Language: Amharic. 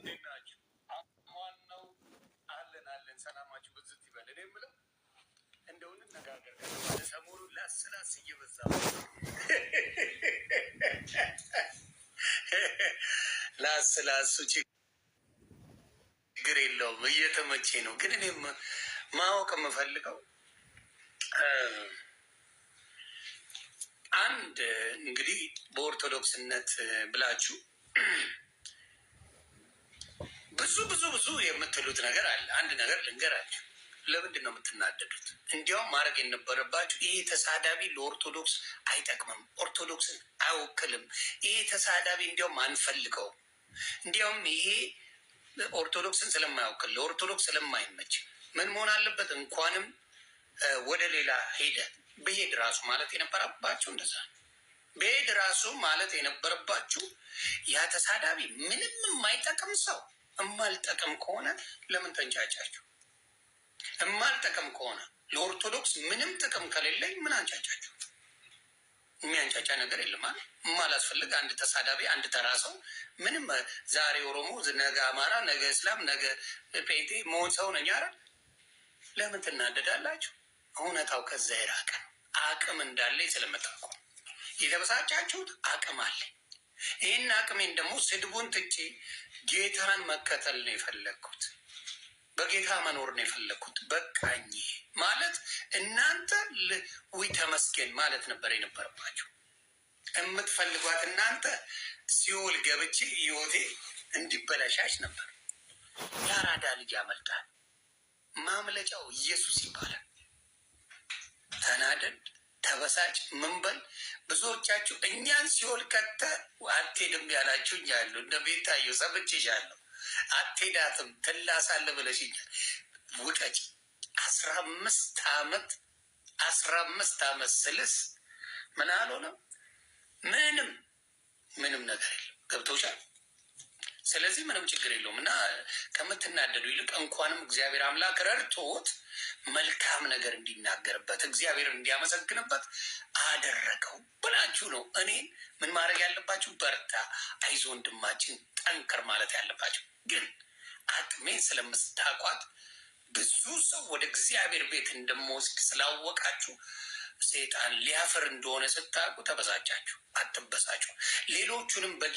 እንዴት ናችሁ? ዋናው አለን አለን፣ ሰላማችሁ ብዝት ይበል። እኔ የምለው እንደው እንነጋገር ከተባለ ላስ ላስ እየበዛ ላስ ላሱ ችግር የለውም እየተመቼ ነው። ግን እኔም ማወቅ የምፈልገው አንድ እንግዲህ በኦርቶዶክስነት ብላችሁ የምትሉት ነገር አለ። አንድ ነገር ልንገራችሁ። ለምንድን ነው የምትናደዱት? እንዲያውም ማድረግ የነበረባችሁ ይሄ ተሳዳቢ ለኦርቶዶክስ አይጠቅምም፣ ኦርቶዶክስን አይወክልም፣ ይሄ ተሳዳቢ እንዲያውም አንፈልገውም፣ እንዲያውም ይሄ ኦርቶዶክስን ስለማይወክል ለኦርቶዶክስ ስለማይመች ምን መሆን አለበት? እንኳንም ወደ ሌላ ሄደ ብሄድ ራሱ ማለት የነበረባችሁ እንደዛ ብሄድ ራሱ ማለት የነበረባችሁ ያ ተሳዳቢ ምንም የማይጠቅም ሰው እማልጠቅም ከሆነ ለምን ተንጫጫችሁ? እማልጠቅም ከሆነ ለኦርቶዶክስ ምንም ጥቅም ከሌለኝ ምን አንጫጫችሁ? የሚያንጫጫ ነገር የለም። አለ ማላስፈልግ አንድ ተሳዳቢ፣ አንድ ተራ ሰው ምንም ዛሬ ኦሮሞ፣ ነገ አማራ፣ ነገ እስላም፣ ነገ ጴንጤ መሆን ሰው ነኝ አይደል? ለምን ትናደዳላችሁ? እውነታው ከዛ የራቀ አቅም እንዳለ ስለምታውቁ የተበሳጫችሁት አቅም አለኝ ይህን አቅሜን ደግሞ ስድቡን ትቼ ጌታን መከተል ነው የፈለግኩት። በጌታ መኖር ነው የፈለግኩት። በቃኝ ማለት እናንተ ውይ ተመስገን ማለት ነበር የነበረባቸው። የምትፈልጓት እናንተ ሲኦል ገብቼ ህይወቴ እንዲበለሻሽ ነበር። የአራዳ ልጅ ያመልጣል። ማምለጫው ኢየሱስ ይባላል። ተናደድ፣ ተበሳጭ፣ ምንበል ብዙዎቻችሁ እኛን ሲኦል ከተ አትሄድም ያላችሁኝ ያሉ እነ ቤታዮ ሰምቼሻለሁ። አትሄዳትም ትላሳለ ብለሽኛል። ውጠጭ አስራ አምስት አመት አስራ አምስት አመት ስልስ ምን አልሆነም። ምንም ምንም ነገር የለም። ገብቶሻል ስለዚህ ምንም ችግር የለውም እና ከምትናደዱ ይልቅ እንኳንም እግዚአብሔር አምላክ ረድቶት መልካም ነገር እንዲናገርበት እግዚአብሔር እንዲያመሰግንበት አደረገው ብላችሁ ነው እኔ ምን ማድረግ ያለባችሁ? በርታ፣ አይዞ፣ ወንድማችን ጠንክር ማለት ያለባችሁ። ግን አቅሜ ስለምስታቋት ብዙ ሰው ወደ እግዚአብሔር ቤት እንደምወስድ ስላወቃችሁ ሴጣን ሊያፍር እንደሆነ ስታውቁ ተበሳጫችሁ። አትበሳችሁ። ሌሎቹንም በጊዜ